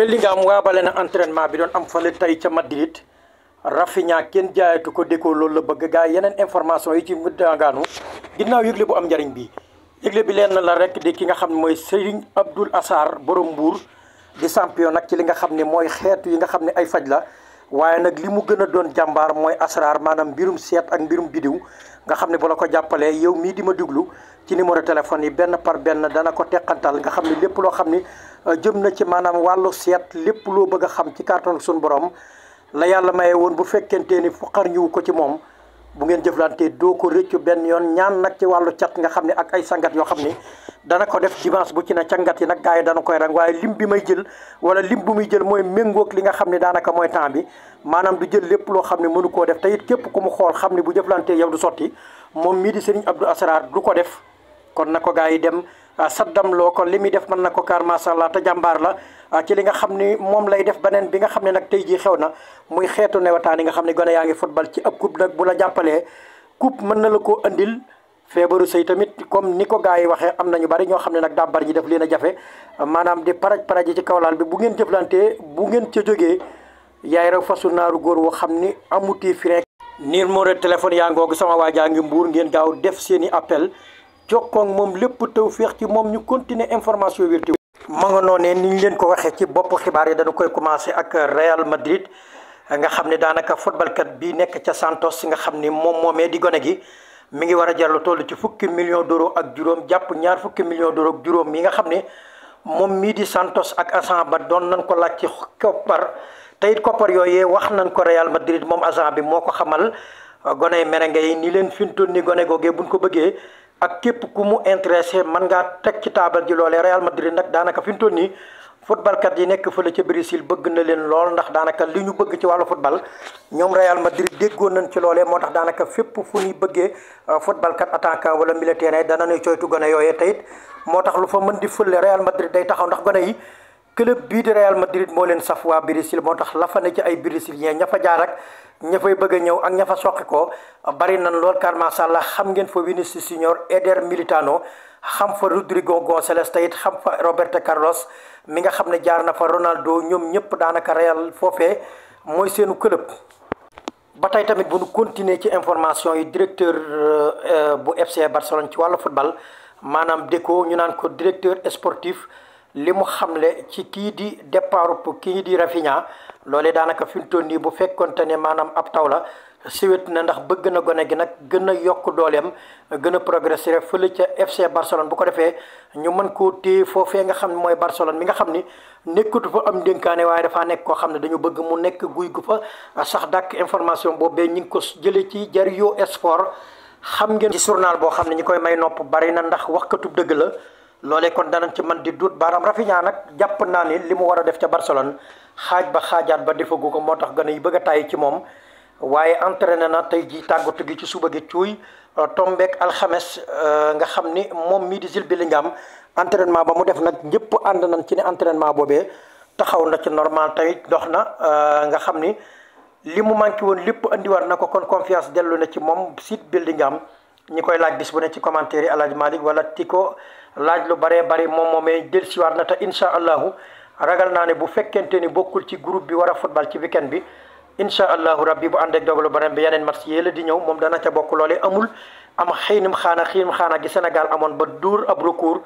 Bellingham waabale na entraînement bi doon am fële tey ca Madrid Rafinha kenn jaayatu ko déggoo loolu la bëgg gaa yeneen information yi ci muddangaanu ginnaaw yëgle bu am njariñ bi yëgle bi leen la rek di ki nga xam ne mooy Serigne Abdoul Assar borom Mbour di champion nag ci li nga xam ne mooy xeetu yi nga xam ne ay faj la waaye nag li mu gën a doon jàmbaar mooy asraar maanaam mbirum seet ak mbirum biddiw nga xam ne bu la ko jàppalee yow mii di ma déglu ci numéro téléphone yi benn par benn dana ko teqantal nga xam ni lépp loo xam ni euh, jëm na ci maanaam wàllu seet lépp loo bëgg a xam ci kàttanu suñu borom la yàlla maye woon bu fekkente ni fuqar ñëw ko ci moom bu ngeen jëflantee doo ko rëccu benn yoon ñaan nag ci wàllu cat nga xam ne ak ay sangat yoo xam ni dana ko def dimanche bu ci ne cangat yi nag gars yi dana koy rang waaye lim bi may jël wala lim bu muy jël mooy méngoog li nga xam ne daanaka mooy temps bi maanaam jël lépp loo xam ne mënu koo def te képp ku mu xool xam ne bu jëflante yow du sotti moom mii di Serigne Abdou Asrar du ko def kon na ko gaa yi dem ah, saddam loo kon li muy def man na ko kaar macha allah te jàmbaar la ah, ci li nga xam ni moom lay def beneen bi nga xam ne nag tey jii xew na muy xeetu newataan yi nga xam ne gone yaa ngi football ci ab coupe nag bu la jàppalee coupe mën na la koo andil feebaru sëy tamit comme ni ko gaa yi waxee am nañu bari ñoo xam ne nag dàmbar ñi def leen a jafe maanaam di paraj paraj yi ci kawlaal bi bu ngeen jëflantee bu ngeen ca jógee yaay raw fasu naaru góor woo xam ni amuti fi rek niir moo téléphone yaa ngoogu sama waajaa ngi mbur ngeen gaaw def seeni appel jokkoo moom lépp tawféex ci moom ñu continuer information wér te ma nga ne ni ñu leen ko waxee ci bopp xibaar yi dañu koy commencé ak Real Madrid nga xam ne daanaka footballkat bi nekk ca Santos nga xam ni moom moomee di gone gi mi ngi war a jar toll ci fukki million d'euros ak juróom jàpp ñaar fukki million d'euros juróom yi nga xam ne moom mii di Santos ak agent ba doon nañ ko laaj ci koppar te it koppar yee wax nañ ko Real Madrid moom agent bi moo ko xamal gone merengue yi ni leen fintoon ni gone googee buñ ko bëggee ak képp ku mu intéressé man ngaa teg ci taabal ji loolee Real Madrid nag daanaka fi mu toll nii footballkat yi nekk fële ca Brésil bëgg na leen lool ndax daanaka li ñu bëgg ci wàllu football ñoom Real Madrid déggoon nañ ci loole moo tax daanaka fépp fu ñuy bëggee euh, footballkat attaquant wala militaire dana ñuy coytu gone yooyee teyit moo tax lu fa mën di fële Real Madrid day taxaw ndax gone yi club bii di Real Madrid moo leen saf waa Brésil moo tax la ci ay Brésiliens ña fa jaar ña fay bëgg a ñëw ak ña fa soqi ko bari nan lool car macha allah xam ngeen fa Vinicius Junior Eder Militão xam fa Rodrigo Gonçalves tayit xam fa Roberto Carlos mi nga xam ne jaar na fa Ronaldo ñoom ñëpp daanaka Real foofee mooy seenu club. ba tey tamit bu ñu continuer ci information yi directeur euh, euh, bu FC Barcelone ci wàllu football maanaam Deco ñu naan ko directeur li mu xamle ci kii di départ kii di Rafinha loolee daanaka fi mu toll nii bu fekkoonte ne maanaam ab taw la siwet na ndax bëgg na gone gi nag gën a yokk dooleem gën a progresser fële ca FC Barcelone bu ko defee ñu mën koo téye foofee nga xam ne mooy Barcelone mi nga xam ni nekkatu fa am dénkaane waaye dafaa nekk koo xam ne dañu bëgg mu nekk guy gu fa sax dàkk information boobee ñi ngi ko jëlee ci Diario Sport xam ngeen ci journal boo xam ne ñi koy may nopp bari na ndax waxkatub dëgg la loole kon danañ ci man di duut baaraam Rafinha nag jàpp naa ni li mu war a def ca Barcelone xaaj ba xaajaat ba defagu ko moo tax gën a yi bëgg a tàyyi ci moom waaye entraîné na tey ji tàggatu gi ci suba gi cuuy euh, tombeek alxames euh, nga xam ni moom mii di Jude Bellingham entraînement ba mu def nag ñëpp ànd nañ ci ne entraînement boobee taxaw na ci normal tey dox na euh, nga xam ni li mu manqué woon lépp andiwaat na ko kon confiance dellu na ci moom Jude Bellingham ñi koy laaj bis bu ne ci commentaire yi El Hadj Malick wala Tico laaj lu baree bari moom moom moomee dellusiwaat na te incha allahu ragal naa ne bu fekkente ni bokkul ci groupe bi war a football ci weekend bi incha allahu rabbi bu àndeek ak dogalu bareem bi yeneen match la di ñëw moom dana ca bokk loolee amul am xiinum xaana xiinum xaana gi Sénégal amoon ba duur ab recours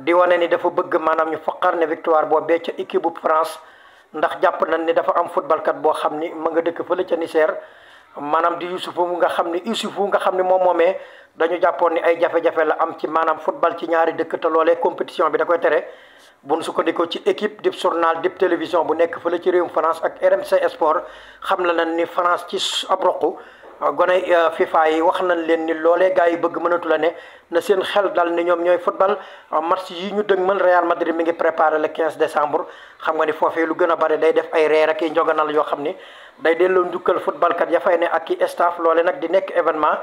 di wane ni dafa bëgg maanaam ñu foqar ne victoire boobee ca équipe bu France ndax jàpp nañ ni dafa am footballkat boo xam ni ma nga dëkk fële ca Niger maanaam di Youssoufou nga xam ne Youssoufou nga xam ne moom moomee dañu jàppoon ni ay jafe-jafe la am ci maanaam football ci ñaari dëkk te loolee compétition bi da koy tere bu nu sukkandikoo ci équipe dip journal dip télévision bu nekk fële ci réewum France ak RMC Sport xam la na ni France ci ab roq gone uh, FIFA yi wax nañ leen ni loole gars yi bëgg mënatula ne na seen xel dal ni ñoom ñooy football uh, match yi ñu dëgg mën Real Madrid mi ngi préparé la quinze decembre xam nga ni foofee lu gën a bari day def ay reer ak i njoganal yoo xam ni day delloo njukkal football kat ya fay ne ak i staff loole nag di nekk événement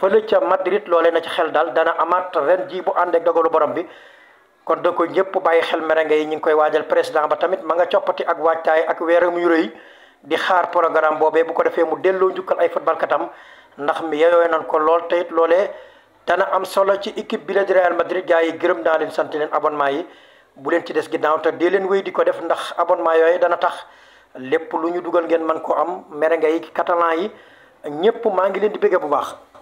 fële ca Madrid loole na ci xel dal dana amaat ren ji bu ànd dogalu borom bi kon da ko ñëpp bàyyi xel merengue yi ñu ngi koy waajal président ba tamit ma nga coppati ak waajtaay ak weeramu yu rëy di xaar programme boobee bu ko defee mu delloo njukkal ay football katam ndax mi yeyoo nañ ko lool te it loolee dana am solo ci équipe bi la di Real Madrid gars yi gërëm naa leen sant leen abonnement yi bu leen ci des ginnaaw te dee leen wéy di ko def ndax abonement yooyu dana tax lépp lu ñu dugal ngeen mën ko am merengue yi catalan yi ñëpp maa ngi leen di bëgg bu baax.